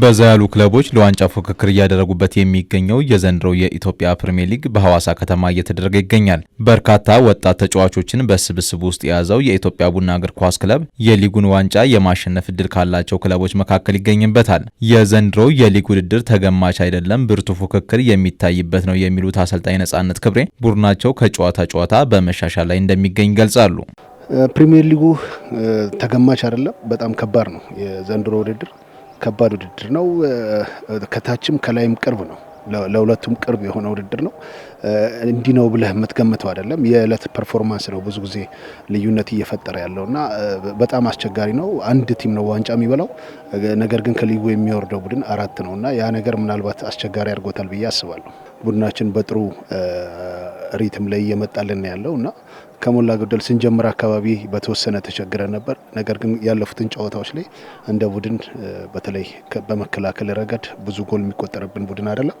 በዛ ያሉ ክለቦች ለዋንጫ ፉክክር እያደረጉበት የሚገኘው የዘንድሮው የኢትዮጵያ ፕሪምየር ሊግ በሐዋሳ ከተማ እየተደረገ ይገኛል። በርካታ ወጣት ተጫዋቾችን በስብስብ ውስጥ የያዘው የኢትዮጵያ ቡና እግር ኳስ ክለብ የሊጉን ዋንጫ የማሸነፍ እድል ካላቸው ክለቦች መካከል ይገኝበታል። የዘንድሮው የሊግ ውድድር ተገማች አይደለም፣ ብርቱ ፉክክር የሚታይበት ነው የሚሉት አሰልጣኝ ነጻነት ክብሬ ቡድናቸው ከጨዋታ ጨዋታ በመሻሻል ላይ እንደሚገኝ ይገልጻሉ። ፕሪምየር ሊጉ ተገማች አይደለም፣ በጣም ከባድ ነው የዘንድሮ ውድድር ከባድ ውድድር ነው። ከታችም ከላይም ቅርብ ነው። ለሁለቱም ቅርብ የሆነ ውድድር ነው። እንዲህ ነው ብለህ የምትገምተው አይደለም። የዕለት ፐርፎርማንስ ነው ብዙ ጊዜ ልዩነት እየፈጠረ ያለው እና በጣም አስቸጋሪ ነው። አንድ ቲም ነው ዋንጫ የሚበላው፣ ነገር ግን ከሊጉ የሚወርደው ቡድን አራት ነው እና ያ ነገር ምናልባት አስቸጋሪ አድርጎታል ብዬ አስባለሁ። ቡድናችን በጥሩ ሪትም ላይ እየመጣልን ያለው እና ከሞላ ጎደል ስንጀምር አካባቢ በተወሰነ ተቸግረ ነበር። ነገር ግን ያለፉትን ጨዋታዎች ላይ እንደ ቡድን በተለይ በመከላከል ረገድ ብዙ ጎል የሚቆጠርብን ቡድን አይደለም።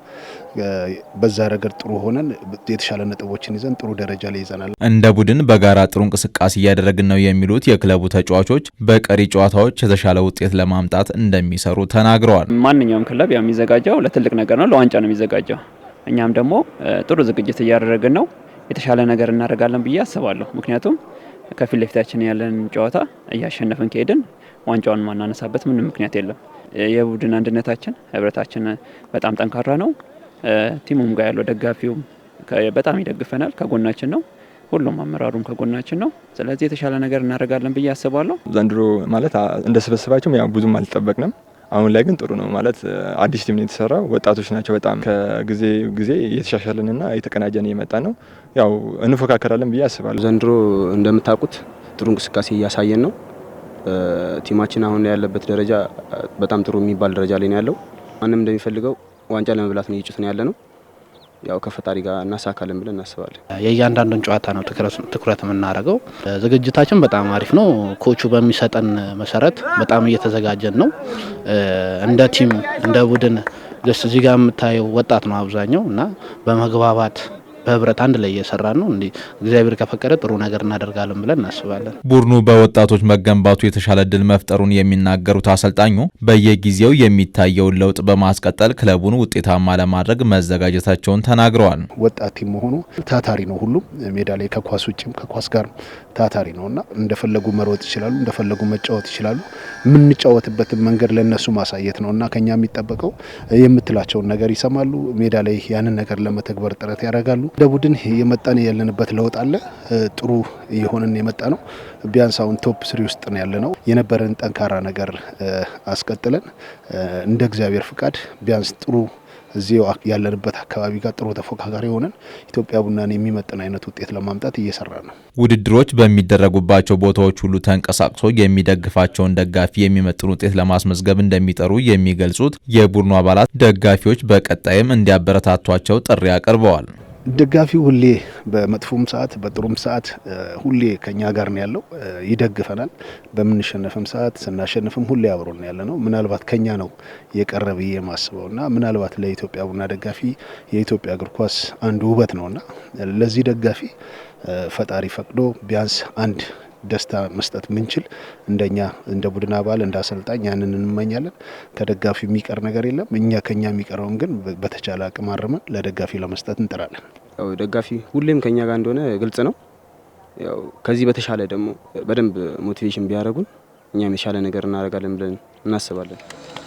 በዛ ረገድ ጥሩ ሆነን የተሻለ ነጥቦችን ይዘን ጥሩ ደረጃ ላይ ይዘናል። እንደ ቡድን በጋራ ጥሩ እንቅስቃሴ እያደረግን ነው የሚሉት የክለቡ ተጫዋቾች በቀሪ ጨዋታዎች የተሻለ ውጤት ለማምጣት እንደሚሰሩ ተናግረዋል። ማንኛውም ክለብ የሚዘጋጀው ለትልቅ ነገር ነው፣ ለዋንጫ ነው የሚዘጋጀው እኛም ደግሞ ጥሩ ዝግጅት እያደረግን ነው። የተሻለ ነገር እናደርጋለን ብዬ አስባለሁ። ምክንያቱም ከፊት ለፊታችን ያለን ጨዋታ እያሸነፍን ከሄድን ዋንጫውን ማናነሳበት ምንም ምክንያት የለም። የቡድን አንድነታችን፣ ህብረታችን በጣም ጠንካራ ነው። ቲሙም ጋር ያለው ደጋፊውም በጣም ይደግፈናል፣ ከጎናችን ነው። ሁሉም አመራሩም ከጎናችን ነው። ስለዚህ የተሻለ ነገር እናደርጋለን ብዬ አስባለሁ። ዘንድሮ ማለት እንደ ስበስባቸው ብዙም አልጠበቅንም። አሁን ላይ ግን ጥሩ ነው ማለት አዲስ ቲም ነው የተሰራው። ወጣቶች ናቸው። በጣም ከጊዜ ጊዜ እየተሻሻልንና እየተቀናጀን እየመጣ ነው። ያው እንፎካከራለን ብዬ አስባለሁ። ዘንድሮ እንደምታውቁት ጥሩ እንቅስቃሴ እያሳየን ነው። ቲማችን አሁን ያለበት ደረጃ በጣም ጥሩ የሚባል ደረጃ ላይ ነው ያለው። ማንም እንደሚፈልገው ዋንጫ ለመብላት ነው እየጩት ነው ያለ ነው። ያው ከፈጣሪ ጋር እናሳካለን ብለን እናስባለን። የእያንዳንዱን ጨዋታ ነው ትኩረት የምናደርገው። ዝግጅታችን በጣም አሪፍ ነው። ኮቹ በሚሰጠን መሰረት በጣም እየተዘጋጀን ነው። እንደ ቲም እንደ ቡድን ደስ እዚህ ጋር የምታየው ወጣት ነው አብዛኛው እና በመግባባት በህብረት አንድ ላይ እየሰራ ነው። እንዲህ እግዚአብሔር ከፈቀደ ጥሩ ነገር እናደርጋለን ብለን እናስባለን። ቡድኑ በወጣቶች መገንባቱ የተሻለ ድል መፍጠሩን የሚናገሩት አሰልጣኙ በየጊዜው የሚታየውን ለውጥ በማስቀጠል ክለቡን ውጤታማ ለማድረግ መዘጋጀታቸውን ተናግረዋል። ወጣት መሆኑ ታታሪ ነው። ሁሉም ሜዳ ላይ ከኳስ ውጭም ከኳስ ጋር ታታሪ ነው እና እንደፈለጉ መሮጥ ይችላሉ፣ እንደፈለጉ መጫወት ይችላሉ። የምንጫወትበትን መንገድ ለእነሱ ማሳየት ነው እና ከኛ የሚጠበቀው የምትላቸውን ነገር ይሰማሉ። ሜዳ ላይ ያንን ነገር ለመተግበር ጥረት ያደርጋሉ። እንደ ቡድን የመጣን ያለንበት ለውጥ አለ። ጥሩ የሆነን የመጣ ነው። ቢያንስ አሁን ቶፕ ስሪ ውስጥ ነው ያለ ነው። የነበረን ጠንካራ ነገር አስቀጥለን እንደ እግዚአብሔር ፍቃድ ቢያንስ ጥሩ እዚህ ያለንበት አካባቢ ጋር ጥሩ ተፎካካሪ የሆነን ኢትዮጵያ ቡናን የሚመጥን አይነት ውጤት ለማምጣት እየሰራ ነው። ውድድሮች በሚደረጉባቸው ቦታዎች ሁሉ ተንቀሳቅሶ የሚደግፋቸውን ደጋፊ የሚመጥን ውጤት ለማስመዝገብ እንደሚጠሩ የሚገልጹት የቡድኑ አባላት ደጋፊዎች በቀጣይም እንዲያበረታቷቸው ጥሪ አቅርበዋል። ደጋፊው ሁሌ በመጥፎም ሰዓት በጥሩም ሰዓት ሁሌ ከኛ ጋር ነው ያለው፣ ይደግፈናል። በምንሸነፍም ሰዓት ስናሸንፍም ሁሌ ነው ያለ ነው። ምናልባት ከኛ ነው የቀረ ብዬ የማስበው እና ምናልባት ለኢትዮጵያ ቡና ደጋፊ የኢትዮጵያ እግር ኳስ አንዱ ውበት እና ለዚህ ደጋፊ ፈጣሪ ፈቅዶ ቢያንስ አንድ ደስታ መስጠት ምንችል እንደኛ እንደ ቡድን አባል እንደ አሰልጣኝ ያንን እንመኛለን። ከደጋፊ የሚቀር ነገር የለም። እኛ ከኛ የሚቀረውን ግን በተቻለ አቅም አርመን ለደጋፊ ለመስጠት እንጥራለን። ያው ደጋፊ ሁሌም ከኛ ጋር እንደሆነ ግልጽ ነው። ያው ከዚህ በተሻለ ደግሞ በደንብ ሞቲቬሽን ቢያደርጉን እኛም የተሻለ ነገር እናደርጋለን ብለን እናስባለን።